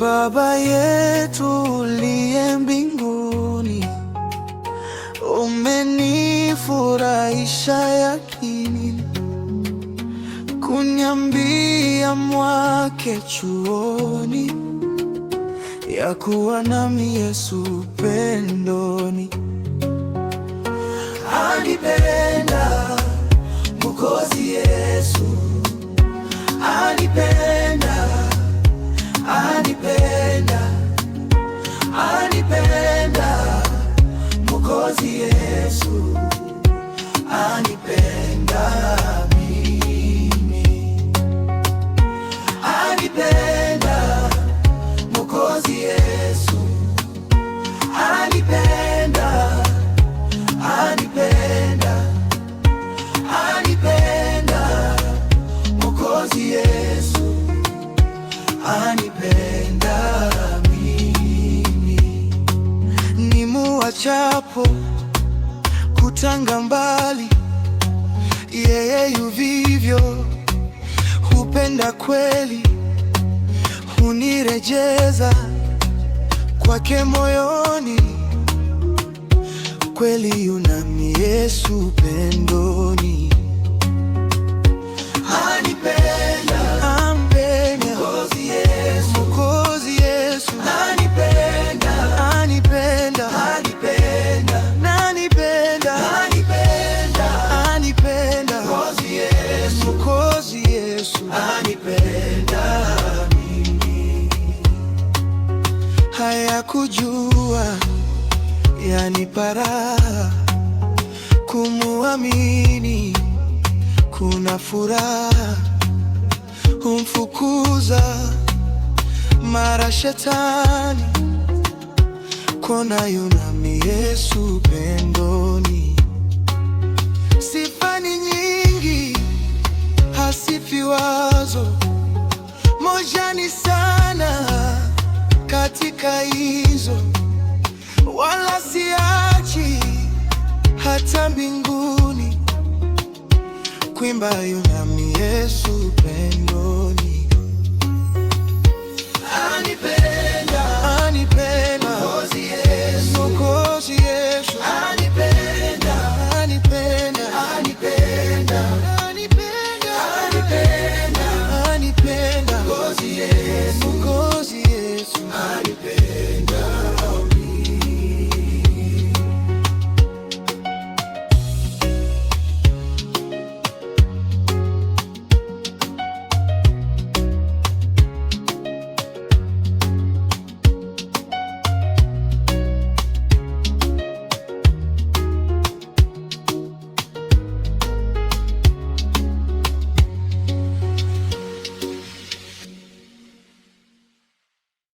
Baba yetu uliye mbinguni, umenifurahisha yakini kuniambia mwake chuoni, ya kuwa nami Yesu pendoni, anipenda Mwokozi Mwokozi Yesu anipenda mimi, anipenda Mwokozi Yesu anipenda, anipenda, anipenda Mwokozi Yesu anipenda chapo kutanga mbali, yeye yuvivyo hupenda kweli, hunirejeza kwake moyoni, kweli yunami Yesu pendoni Mwokozi Yesu anipenda mimi, haya kujua yanipara, kumuamini kuna furaha, humfukuza mara shetani, kona yunami Yesu pendoni moja ni sana katika hizo, wala siachi hata mbinguni, kwimba yunami Yesu pendoni